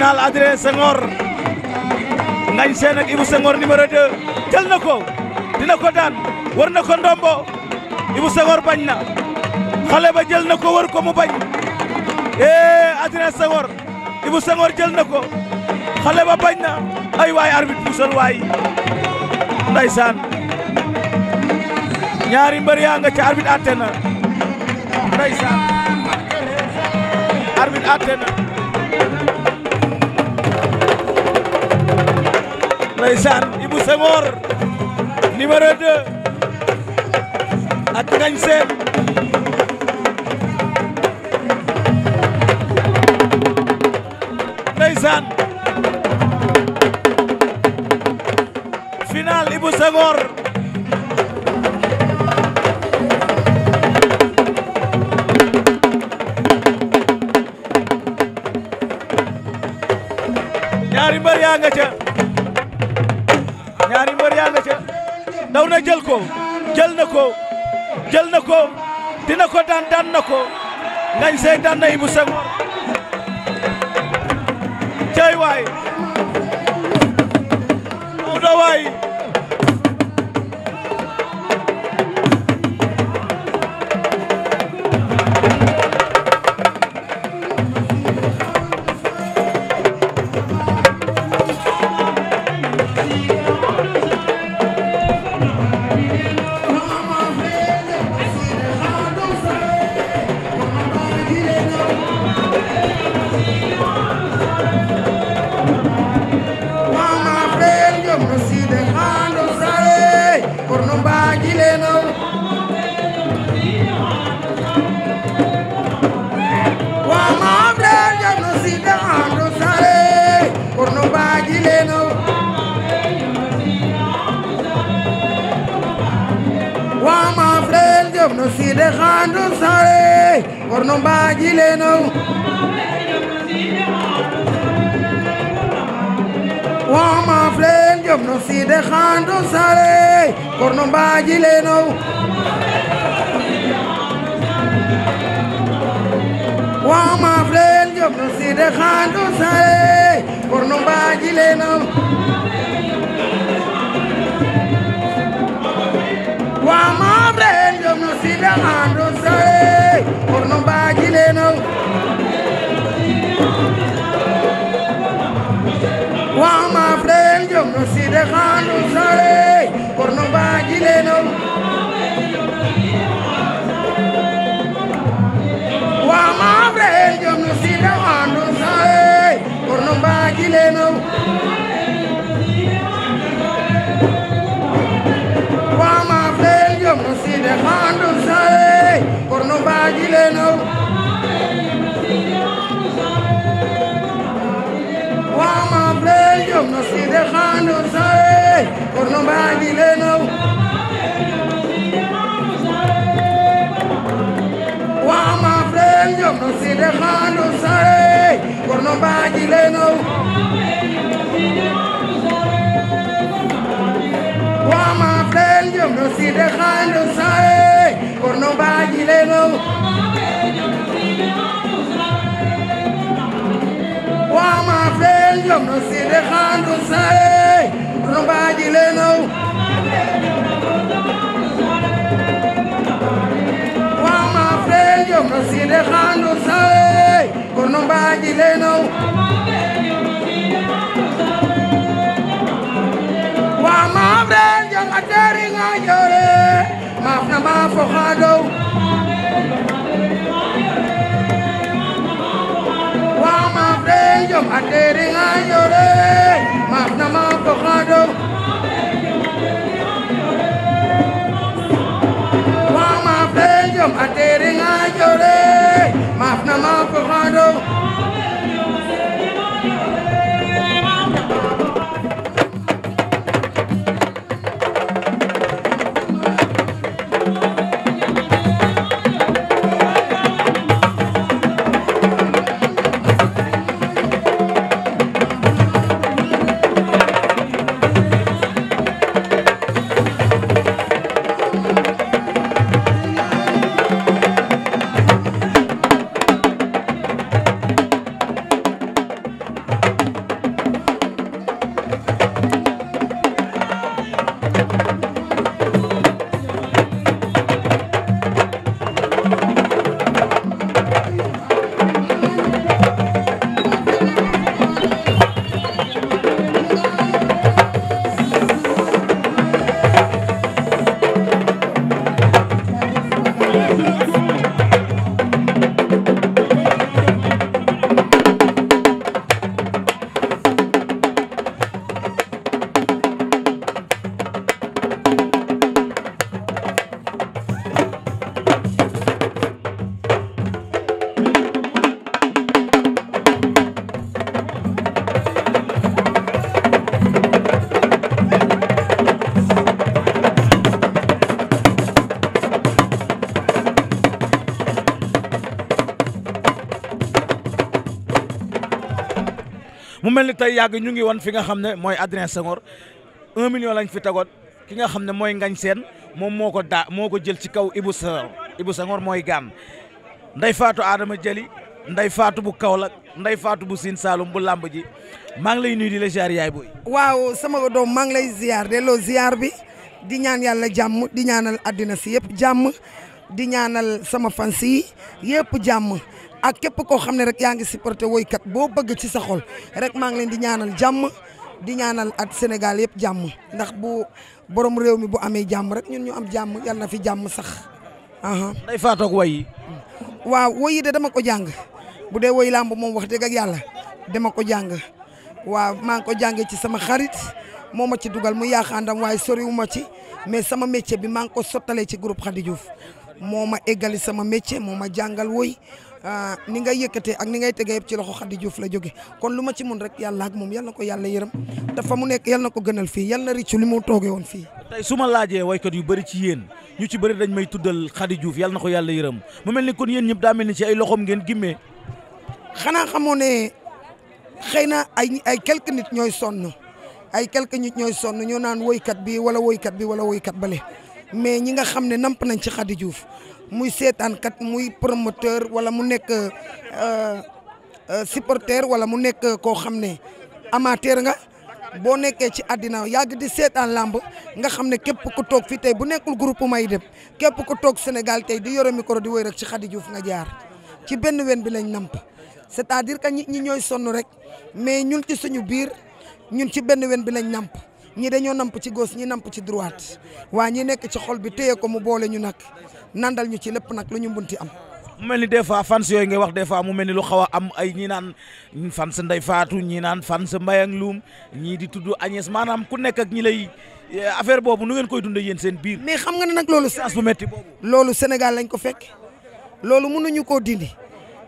terminal Adrien Senghor Ngagne Sène ak Ibou Senghor numéro 2 jël na ko dina ko daan war na ko ndombo Ibou Senghor bañ na xale ba jël na ko war ko mu bañ eh Adrien Senghor Ibou Senghor jël na ko xale ba bañ na ay waay arbitre puusal waay ndaysaan ñaari mbër yaa nga ca arbitre atte na ndeysaan Ibou Senghor numéro 2 ak Ngagne Sène ndeysaan final Ibou Senghor ñaari mbër yaa nga ca yaa nga ca na jël ko jël na ko jël na ko dina ko daan daan na ko ngañ sey daan na Ibou Senghor cey waay dexaandun sare Borno mbaaji leeno wama flen job no si dexaandun mbaaji leeno wama anaandosare porno mbagileno wama frel jom no side xandosare porno mbagileno wama frel jom no side xandosare porno mbagileno wama frel jom no side xando mbagileno wama blel jom no side xando sae korno mbagileno wama blel jom no side xando sae korno mbagileno soxna si de xaandu say no mbaaji le naw waa ma feejo no si de xaandu say ko no waa ma feejo ma teeri nga na ma fo ateri ayore magna mabogado Mama Belgium ateri ayore mu mel ni tey yàgg ñu ngi woon fi nga xam ne mooy Adrien Senghor un million lañ fi tegoon ki nga xam ne mooy ngañ seen moom moo ko daa moo ko jël ci kaw Ibou Senghor Ibou mooy gaan nday faatu Adama Jëli nday faatu bu Kaolack nday faatu bu Sine Saalum bu làmb ji maa ngi lay nuyu di la ziar yaay booy. waaw sama doom maa ngi lay ziar delloo ziar bi di ñaan yàlla jàmm di ñaanal àddina si yëpp jàmm di ñaanal sama fans yi yëpp jàmm ak képp koo xam ne rek yaa ngi supporté woykat boo bëgg ci sa xol rek maa ngi leen di ñaanal jàmm di ñaanal at Sénégal yëpp jàmm ndax bu borom réew mi bu amee jàmm rek ñun ñu am jàmm yàlla na fi jàmm sax. day faatoog waaw woy yi de dama ko jàng bu dee woy làmb moom wax dëgg ak yàlla dama ko jàng waaw maa ngi ko jàngee ci sama xarit moo ma ci dugal mu yaaxaandam waaye soriwu ma ci mais sama métier bi maa ngi ko sottalee ci groupe Khady moo ma eggali sama métier moo ma jàngal woy Ah, ni ngay yëkkatee ak ni ngay tegee yëpp ci loxo Khady Diouf la jóge kon lu ma ci mun rek yàlla ak moom yal ko yàlla yërëm te fa mu nekk yal na ko gënal fii yal na riccu li mu toogee woon fii. tey su ma laajee waykat yu bëri ci yéen ñu ci bëri dañ may tuddal Khady Diouf yal na ko yàlla yërëm mu mel ni kon yéen ñëpp daa mel ni ci ay loxoom ngeen gimmee. xanaa xamoo ne xëy na ay ay quelques nit ñooy sonn ay quelques nit ñooy sonn ñoo naan woykat bi wala woykat bi wala woykat bale mais ñi nga xam ne namp nañ ci Khady Diouf muy seetaankat muy promoteur wala mu nekk euh, euh, supporter wala mu nekk koo xam ne amateur nga boo nekkee ci àddina yàgg di seetaan làmb nga xam ne képp ku toog fii tey bu nekkul groupe may dem képp ku toog Sénégal tey di yore micro di wéy rek ci Khady Diouf nga jaar ci benn wen bi lañ namp c'est-à-dire que nit ñi ñooy sonn rek mais ñun ci suñu biir ñun ci benn wen bi lañ namp ñi dañoo namp ci gauche ñi namp ci droite waa ñi nekk ci xol bi téye ko mu boole ñu nag nandal ñu ci lépp nag lu ñu mbunti am. mu mel ni des fois fans yooyu ngay wax des fois mu mel ni lu xaw am ay ñi naan fans Ndeye Fatou ñi naan fans Mbaye ak Loum ñii di tudd Agnès maanaam ku nekk ak ñi lay eh, affaire boobu nu ngeen koy dundee yéen seen biir. mais xam nga ne nag loolu. sens bu métti boobu. loolu Sénégal lañ ko fekk loolu mënuñu koo dindi.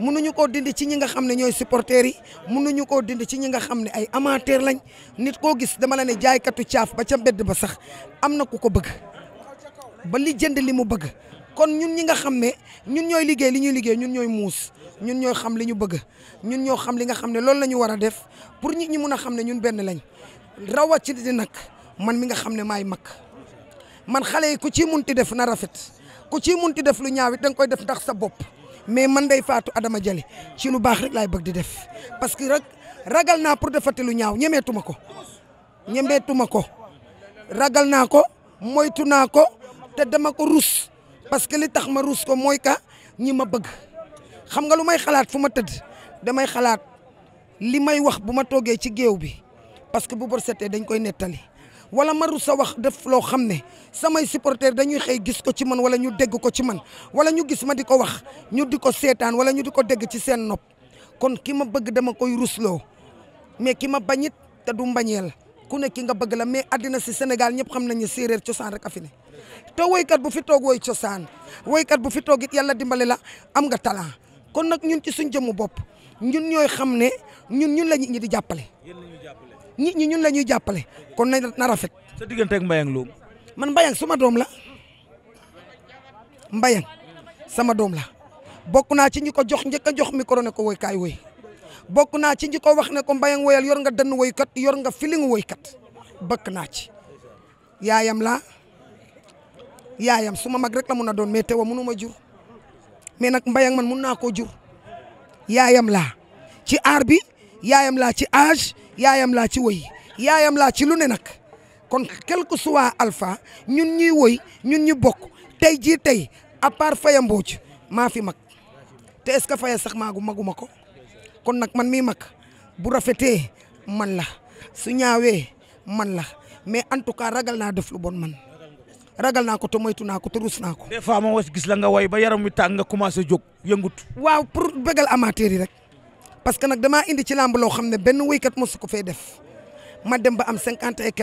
mënuñu koo dindi ci ñi nga xam ne ñooy supporters yi mënuñu koo dindi ci ñi nga xam ne ay amateurs lañ nit koo gis dama la ne jaaykatu caaf ba ca mbedd ba sax am na ku ko bëgg ba li jënd li mu bëgg kon ñun ñi nga xam ne ñun ñooy liggéey li ñuy liggéey ñun ñooy muus ñun ñooy xam li ñu bëgg ñun ñoo xam li nga xam ne loolu la ñu war a def pour nit ñi mun a xam ne ñun benn lañ rawatina di nag man mi nga xam ne maay mag man xale yi ku ci mun munti def na rafet ku ci mun munti def lu ñaaw it danga koy def ndax sa bopp mais man day faatu Adama Jali ci lu baax rek laay bëgg di def parce que rek ragal naa pour defati lu ñaaw ñemeetuma ko ñemeetuma ko ragal naa ko moytu naa ko te dama ko rus parce que li tax ma ruus ko mooy ka ñi ma bëgg xam nga lu may xalaat fu ma tëdd damay xalaat li may wax bu ma toogee ci géew bi parce que bu bor setee dañ koy nettali wala ma ruus a wax def loo xam ne samay supporters dañuy xëy gis ko ci man wala ñu dégg ko ci man wala ñu gis ma di ko wax ñu di ko seetaan wala ñu di ko dégg ci seen nopp kon ki ma bëgg dama koy rusloo mais ki ma bañit te du la ku ne nga bëgg la mais àddina si Sénégal ñëpp xam nañu séeréer cosaan rek te woykat bu fi toog woy cosaan woykat bu fi toog it yàlla dimbali la am nga talent kon nag ñun ci suñ jëmmu bopp ñun ñooy xam ne ñun ñun la nit ñi di jàppale. nit ñi ñun la ñuy jàppale kon na na rafet. sa diggante ak Mbayang Loum man Mbayang suma doom la Mbayang sama doom la bokk naa ci ñi ko jox njëkk a jox micro ne ko woy kaay woy bokk naa ci ñi wax ne ko Mbayang woyal yor nga dënn woykat yor nga filingu woykat bëkk naa ci yaayam la yaayam su ma mag rek la mun a doon mais teewa mënu ma jur mais nag mbay man mun naa koo jur yaayam laa ci aar bi yaayam laa ci âge yaayam laa ci woy yaayam laa ci lu ne nag kon quelque soit alpha ñun ñuy woy ñun ñu bokk tey jii tey à part Faya maa fi mag te est-ce maa gu sax maagu maguma ko kon nag man mii mag bu rafetee man la su ñaawee man la mais en tout cas ragal naa def lu bon man ragal naa ko te moytu naa ko te rus naa ko. des fois nga way ba yaram wi tàng nga commencé jóg yëngut. waaw pour bégal amateur yi rek parce que nag damaa indi ci làmb loo xam ne benn woykat mosu ko fee def ma dem ba am cinquante et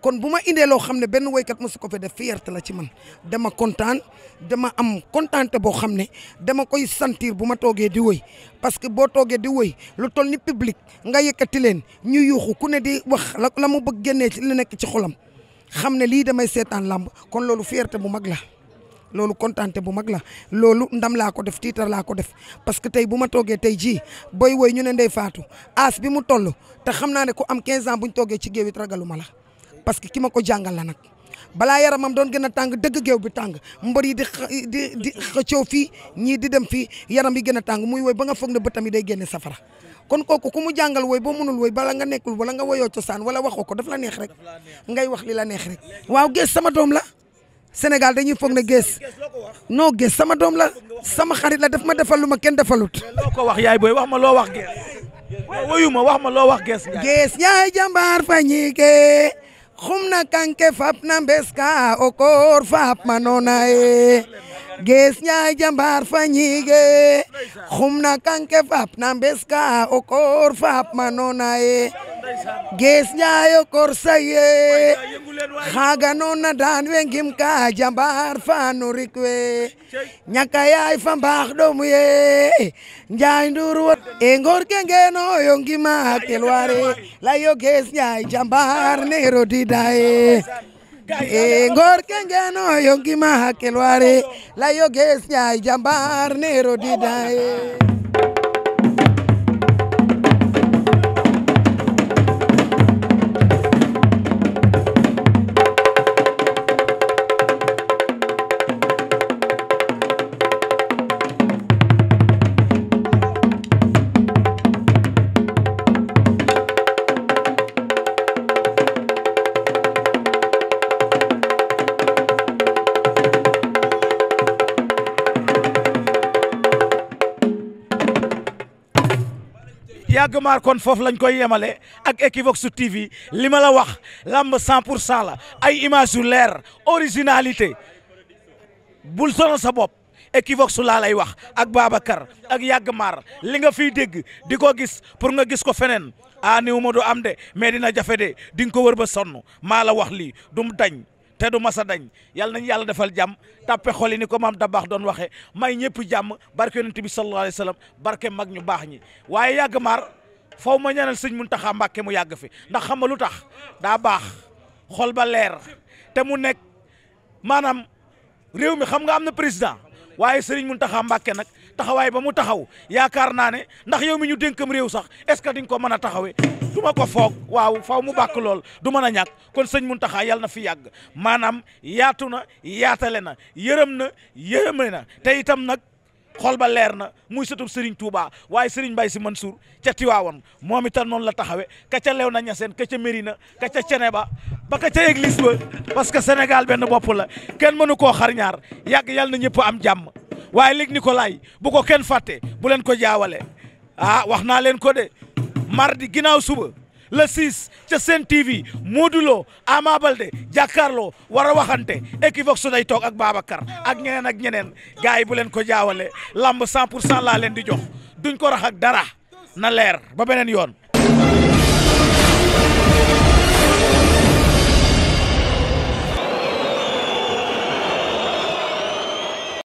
kon bu ma indee loo xam ne benn woykat mosu ko fee def fi fierté la ci man dama kontaan dama am kontaante boo xam ne dama koy santir bu ma toogee di woy parce que boo toogee di woy lu tol ni public nga yëkkati leen ñu yuuxu ku ne di wax la mu bëgg génnee ci li nekk ci xolam. xam ne lii damay seetaan làmb kon loolu fierté bu mag la loolu kontaante bu mag la loolu ndam laa ko def tiitar laa ko def parce que tey bu ma toogee tey jii boy woy ñune ne ndey faatu as bi mu toll te xam naa ne ku am 15 ans bu ñu toogee ci géew it ragalu ma la parce que ki ma ko jàngal la nag balaa yaramam doon gën a tàng dëgg géew bi tàng mbër yi di di di xëccoo fii ñii di dem fii yaram yi gën a tàng muy woy ba nga foog ne bëtam yi day génne safara kon kooku ku mu jàngal woy boo mënul woy bala nga nekkul wala nga woyoo cosaan wala wax ko daf la neex rek ngay wax li la neex rek waaw Guess sama doom la Sénégal dañuy foog ne Guess sama doom la xarit la daf ma defal lu ma kenn defalut. wax yaay booy wax ma loo wax Guess woyu ma wax ma loo wax Guess. Guess yaay jàmbaar fa ñi ke xum na kanke fap na mbes ka o koor ma noona e gees ñaay jambaar fa ñiige xumna kanke faap na mbeska o koor faap ma noona ye gees ñaay o koor saye xaaga noona daan we ngim ka jambaar fa nu rik njaay nduur wo e ngoor ke ngima tel waare layo gees ñaay jambaar ne rodiida ye Eh, ngor kenge no yongi ma hakelware la yoges nyai jambar nero didae yàgg maar kon foofu lañ koy yemale ak Equivox TV li ma la wax làmb 100 pour cent la ay image yu leer originalité bul sonal sa bopp Equivox laa lay wax ak Babacar ak yàgg maar li nga fi dégg di ko gis pour nga gis ko feneen a ah, niw ma du am de mais dina jafe de di nga ko wër ba sonn maa la wax lii dum dañ te du masa dañ yàlla nañu yàlla defal jàmm tappe xol yi ni ko maam da baax doon waxee may ñëpp jàmm barke nu bi sallallahu alayhi wa sallam barke mag ñu baax ñi waaye yàgg maar faw ma ñaanal sëñ Muntaxa Mbàkke mu yàgg fi ndax xam nga lu tax daa baax xol ba leer te mu nekk maanaam réew mi xam nga am na président waaye sëriñ Muntaxa Mbàkke nag taxawaay ba mu taxaw yaakaar naa ne ndax yow mi ñu dénkam réew sax est ce que di ko mën a taxawee du ma ko foog waaw faw mu bàkk lool du mën a ñàkk kon sëñ Muntaxa yàlla na fi yàgg maanaam yaatu na yaatale na yërëm na yërëme na te itam nag xol ba leer na muy sëtub Serigne Touba waaye mbay Mbaye man suur ca Tiwaawoon moom itam noonu la taxawe ka ca lew na ñaseen ka ca na ka ca Ceneba ba ka ca église ba parce que Sénégal benn bopp la kenn mënu koo xar ñaar yàgg yàlla ñëpp am jàmm waaye Luc Nicolaï bu ko kenn fàtte bu leen ko jaawale ah wax naa leen ko de mardi ginnaaw suba le 6 ca Sen TV Modou Lo Ama Baldé jàkkaarloo war a waxante Equivox su day toog ak Babacar ak ñeneen ak ñeneen gars yi bu leen ko jaawale lamb 100 pour cent laa leen di jox duñ ko rax dara na leer ba beneen yoon